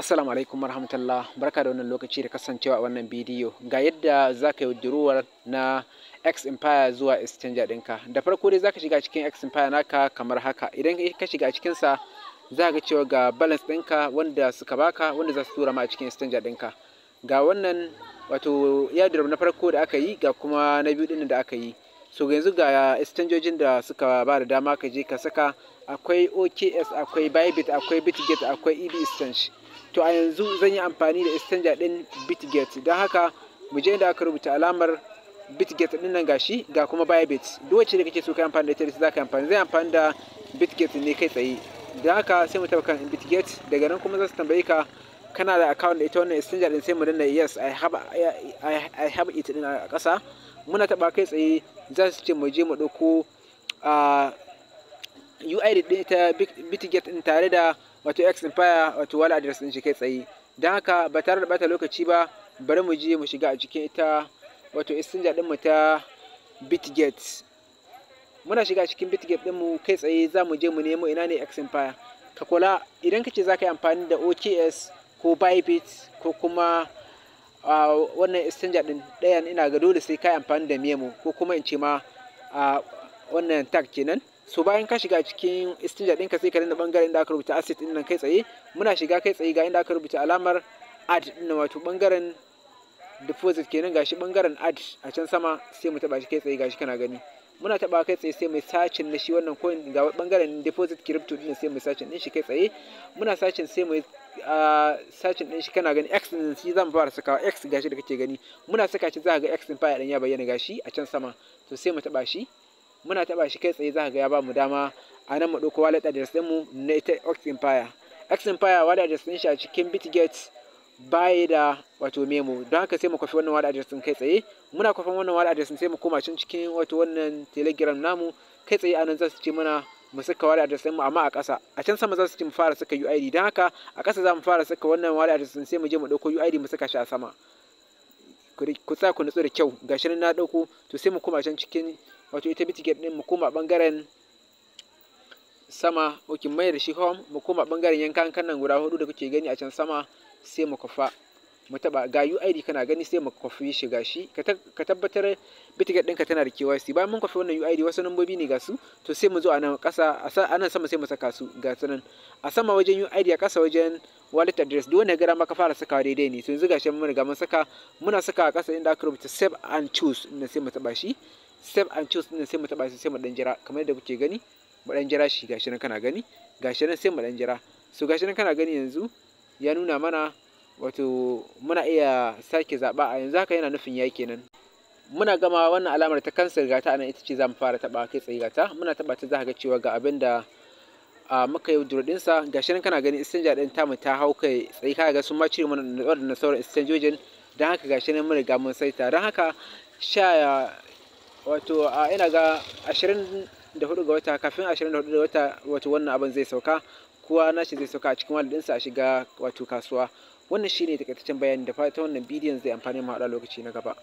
Assalamu alaikum warahmatullah barka da wannan lokaci da kasancewa a wannan bidiyo ga yadda za ka yi na X Empire zuwa Exchanger ɗinka da farko dai za ka shiga cikin X Empire naka kamar haka idan ka shiga cikinsa za ka cewa ga balance ɗinka wanda suka baka wanda za su tura ma a cikin Exchanger ɗinka ga wannan wato airdrop na farko da aka yi ga kuma na biyu ɗin da aka yi so yanzu ga exchangeojin da suka ba da dama ka je ka saka akwai OKS akwai Bybit akwai Bitget akwai EB Exchange to a yanzu zan yi amfani da extender din bitget don haka mu je da aka rubuta alamar bitget din nan gashi ga kuma bybit duk wacce da kake so kai amfani da ita za ka amfani zai amfani da bitget ne kai tsaye don haka sai mu taba kan bitget daga nan kuma za su tambaye ka kana da account da ita wannan extender din sai mu danna yes i have i have it din a ƙasa muna taba kai tsaye za su ce mu je mu dauko ah, UID ɗin ita Bitget din tare da wato x Empire wato wallet address din shi kai tsaye don haka ba tare da bata lokaci ba bari mu je mu shiga a cikin ita wato exchange din mu ta Bitget muna shiga cikin Bitget din mu kai tsaye za mu je mu nemo ina ne x Empire. ka kula idan kace za ka yi amfani da OKS ko Bybit ko kuma a wannan exchange din ɗayan ina ga dole sai ka yi amfani da memo ko kuma in ce ma a wannan tag kenan so bayan ka shiga cikin istinja ɗinka sai ka danna bangaren da aka rubuta asset ɗin nan kai tsaye muna shiga kai tsaye ga inda aka rubuta alamar add ɗin nan wato bangaren deposit kenan gashi bangaren add a can sama sai mu taba shi kai tsaye gashi kana gani muna taba kai tsaye sai mai sacin na shi wannan coin ga bangaren deposit crypto ɗin sai mai sacin ɗin shi kai tsaye muna sacin sai mai sacin din shi kana gani x din shi zan fara sakawa x gashi da kake gani muna saka shi za ga x din fa ya dan ya bayyana gashi a can sama to sai mu taba shi muna taba shi kai tsaye za ga ya ba mu dama a nan mu ɗauko wallet address mu na ita X Empire X Empire wallet address ɗin shi a cikin Bitget baya da wato memo don haka sai mu kwafi wannan wallet address ɗin kai tsaye muna kwafin wannan wallet address sai mu koma can cikin wato wannan Telegram namu kai tsaye anan za su ce mana mu saka wallet address mu amma a ƙasa a can sama za su ce mu fara saka UID don haka a ƙasa za mu fara saka wannan wallet address sai mu je mu ɗauko UID mu saka shi a sama ku sa ku nutsu da kyau gashi na ɗauko to sai mu koma can cikin wato ita mitigate din mu koma bangaren sama muke mayar da shi home mu koma bangaren yankan nan guda hudu da kuke gani a can sama sai mu kufa mu taba ga UID kana gani sai mu kwafi shi ga shi ka tabbatar bitigate ɗinka tana da KYC bayan mun kwafi wannan UID wasu nambobi ne ga su to sai mu zo a nan ƙasa a nan sama sai mu saka su ga su nan a sama wajen UID a ƙasa wajen wallet address duk wanda gara maka fara sakawa daidai ne to yanzu gashi mun riga mun saka muna saka a ƙasa inda aka rubuta save and choose na sai mu taba shi save and choose din sai mu taba shi sai mu dan jira kamar yadda kuke gani mu dan jira shi gashi nan kana gani gashi nan sai mu dan jira so gashi nan kana gani yanzu ya nuna mana wato muna iya sake zaba a yanzu haka yana nufin ya kenan muna gama wannan alamar ta kansar gata anan ita ce za mu fara taba kai tsaye gata muna taba ta za ga cewa ga abin da a muka yi duro dinsa gashi nan kana gani exchange din mu ta hau kai tsaye kaga ga sun ma cire mana wadannan sauran exchange don haka gashi nan mun riga mun saita don haka sha wato a ina ga 24 ga wata kafin 24 ga wata wato wannan abin zai sauka na shi zai sauka a cikin walidinsa a shiga wato kasuwa wannan shine takaitaccen bayani da fata wannan bidiyon zai amfani mu haɗa lokaci na gaba